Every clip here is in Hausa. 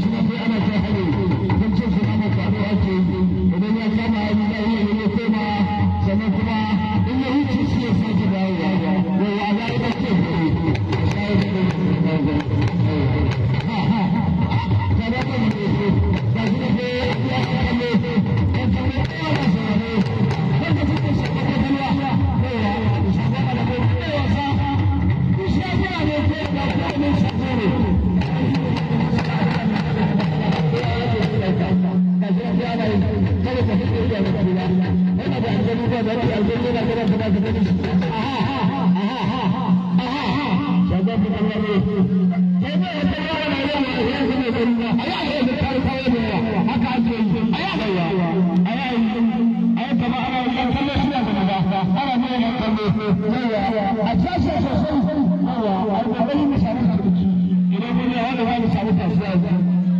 Thank you.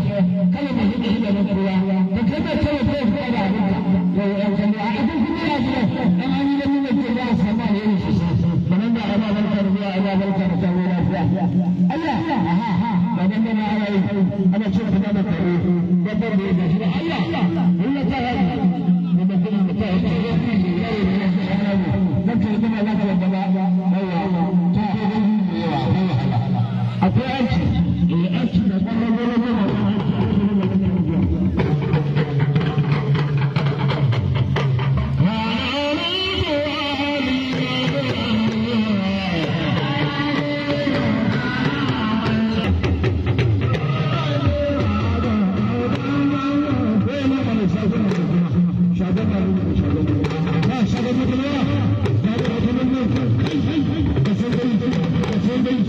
Allah, aha, aha, magana ana yi, ana cin kuma da kare, babban da ya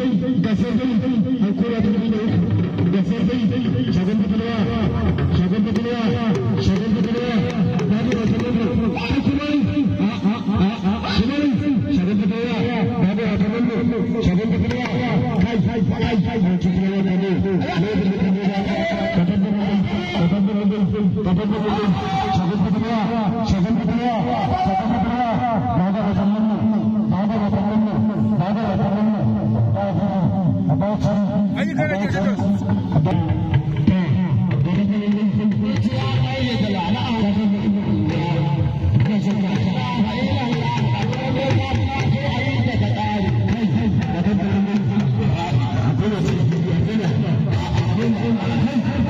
¡Gracias! cura Yeah.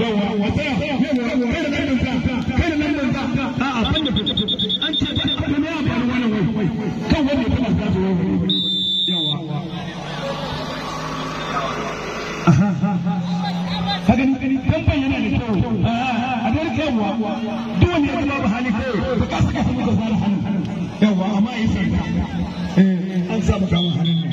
yawa wata yawa kai da nan ka kai da nan ka a a ban da an ce ba da me ya faru wannan wai kan wanda ya fada ta wai yawa aha ha gani kan bayyana da kyau a dar kaiwa duk wanda ya ba hali kai ka kasa kasa muka fara hannu yawa amma yi sai eh an saba kama hannun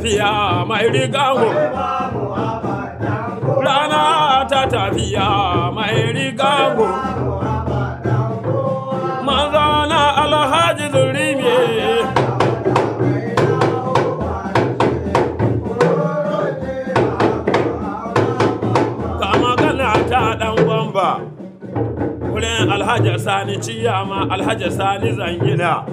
tafiya mai rigawo rana ta tafiya mai rigawo manzana alhaji zurimi kama gana ta dan gwamba wurin alhaji sani ciyama alhaji sani zangina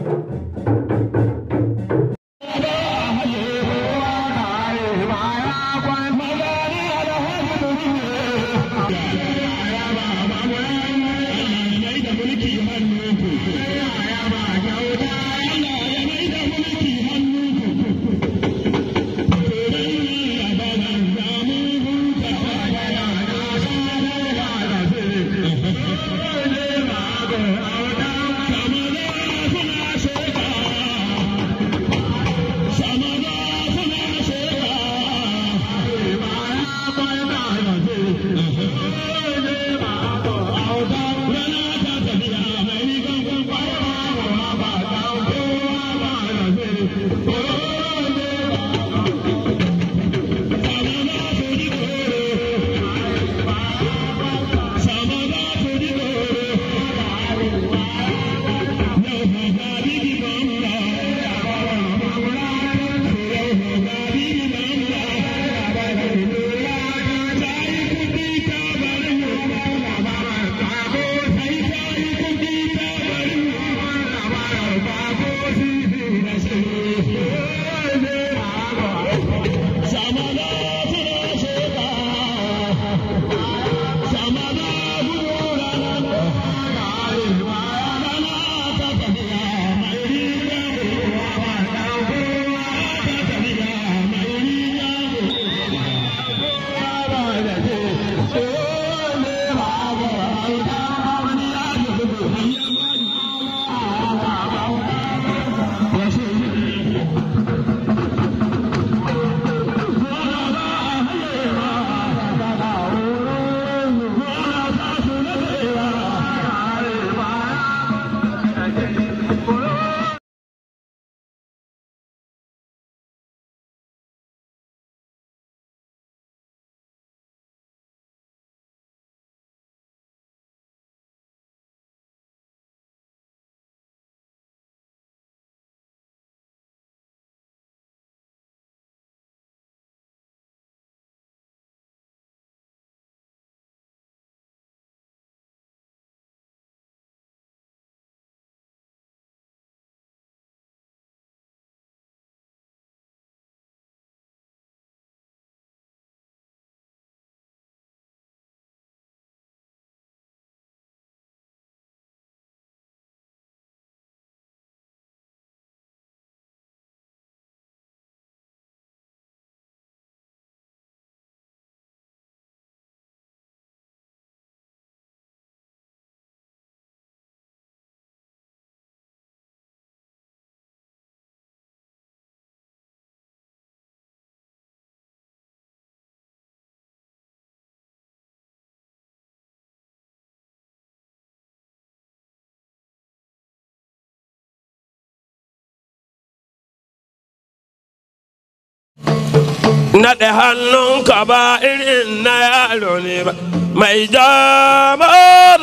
naɗe hannunka ba irin na yaro ne ba mai jama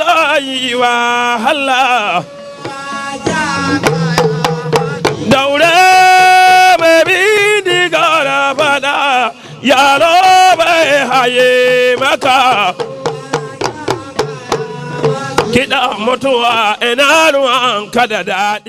da yi wahala daure mai bi diga da fada yaro bai haye maka Kiɗan mutuwa ina ruwan ka da daɗi